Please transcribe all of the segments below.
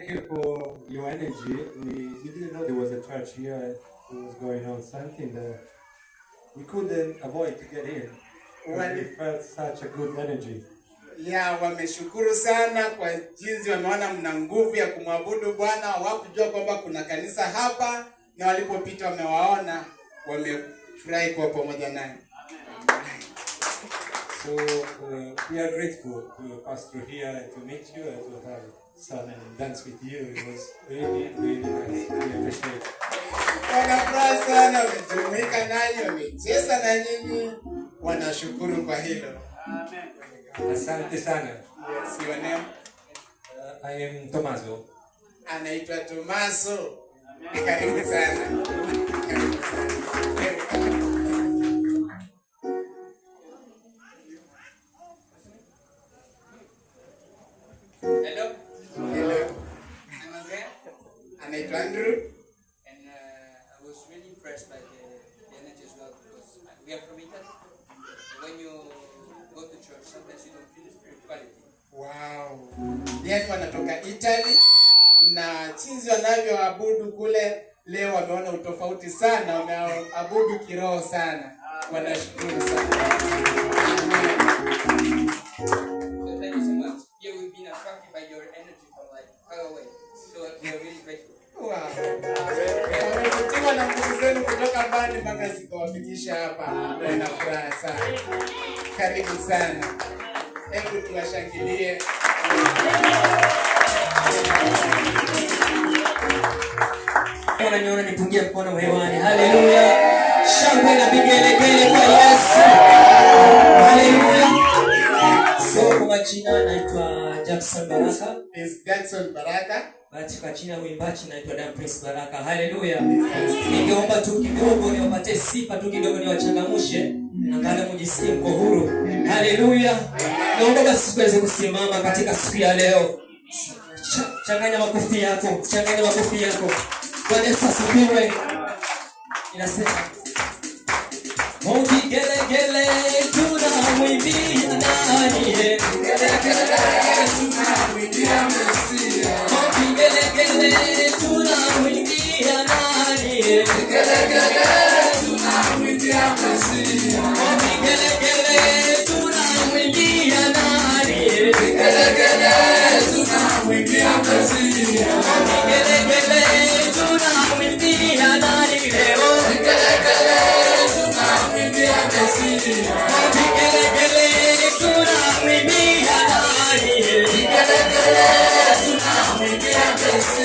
Thank you for your energy. We, didn't know there was a church here and was going on something that we couldn't avoid to get in. Well, we felt such a good energy. Yeah, wameshukuru sana kwa jinsi wameona mna nguvu ya kumwabudu Bwana. Hawakujua kwamba kuna kanisa hapa, na walipopita wamewaona, wamefurahi kuwa pamoja naye. So uh, we are grateful to pastor here and to meet you and to have sana and dance with you. It was really, really nice. I appreciate it. Wanafurahi sana, wamejumuika nanyi, wamecheza na nyinyi, wanashukuru kwa hilo. Asante sana. Yes, your name? Uh, I am Tomaso. Anaitwa Tomaso. Karibu sana. anaitwa Andrew and uh, I was really impressed by the, the energy as well because we are from Italy. When you go to church sometimes you don't feel the spirituality. Wow. Yani wanatoka Italy na chinzi wanavyoabudu kule leo wameona utofauti sana, wameabudu kiroho sana. Ah, Wanashukuru sana. hewani mpaka sikawafikisha hapa, na furaha sana. Karibu sana, hebu tuwashangilie. Naniona nipungie mkono hewani, haleluya! Shangwe na vigelegele kwa Yesu, haleluya! soko machinana Jackson Baraka. Is Jackson Baraka. Basi kwa chini ya mwimbaji naitwa Dan Prince Baraka. Haleluya. Ningeomba tu kidogo niwapatie sifa tu kidogo niwachangamshe. Angalau mjisikie mko huru. Haleluya. Naomba basi tuweze kusimama katika siku ya leo. Changanya makofi yako. Changanya makofi yako. Bwana Yesu asifiwe. Inasema Mungu gele gele tunamwimbia you.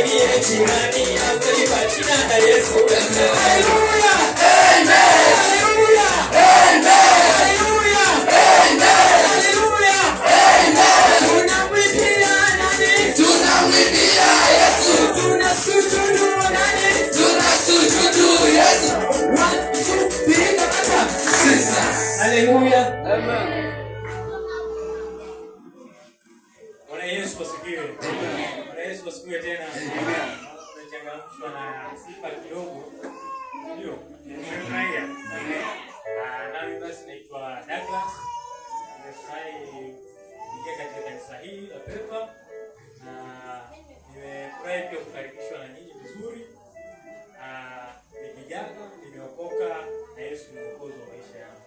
Haleluya, Yesu. Haleluya. Yesu asifiwe. Bwana Yesu asifiwe tena. Tunachangamshwa na sifa kidogo. Ndio. Nimefurahia. Nami basi naitwa Douglas. Nimefurahi kuingia katika kanisa hili la Pepa na nimefurahi pia kukaribishwa na nyinyi vizuri. Ni kijana, nimeokoka na Yesu ni mwokozi wa maisha yangu.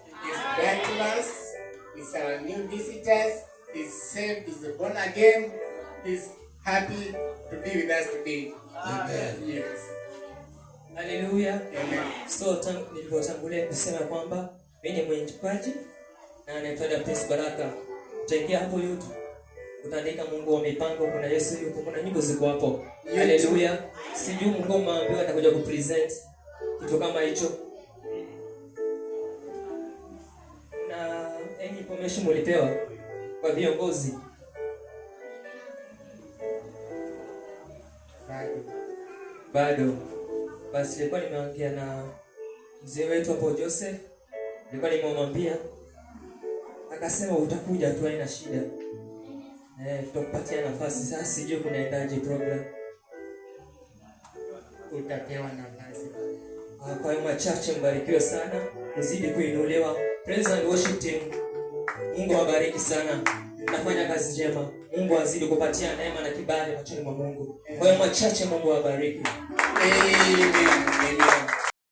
Douglas is our new visitors saved, is born again, is happy to be with us today. Amen. Yes. Hallelujah. Amen. So nilivyotangulia kusema kwamba mimi ni mwenye kipaji na naitwa Daptis Baraka. Utaingia hapo YouTube utaandika Mungu wa mipango, kuna Yesu yuko, kuna nyimbo ziko hapo. Haleluya. Sijui mungu ambaye atakuja kupresent kitu kama hicho. Na any information mulipewa kwa viongozi bado. Basi nilikuwa nimeongea na mzee wetu hapo Joseph, nilikuwa nimemwambia, akasema utakuja tu, haina shida eh, tutakupatia nafasi. Sasa sijui kunaendaje program, utapewa nafasi. Ah, kwa hiyo machache, mbarikiwe sana, uzidi kuinuliwa. Praise and worship team. Mungu awabariki sana, nafanya kazi njema. Mungu azidi kupatia neema na kibali machoni mwa Mungu. Kwa hiyo machache, Mungu awabariki. Amen. Amen.